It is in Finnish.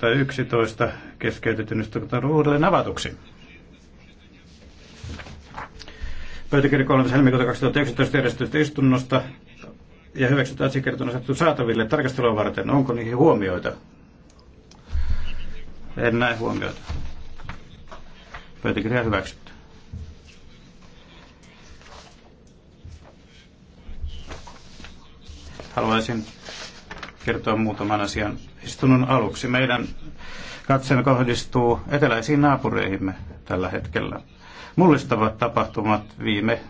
2011 keskeytetynnistä uudelleen avatuksi. Pöytäkirja 3. helmikuuta 2019 järjestetystä istunnosta ja hyväksytään asiakirjat on asettu saataville tarkastelua varten. Onko niihin huomioita? En näe huomioita. Pöytäkirja hyväksytty. Haluaisin kertoa muutaman asian istunnon aluksi. Meidän katseen kohdistuu eteläisiin naapureihimme tällä hetkellä. Mullistavat tapahtumat viime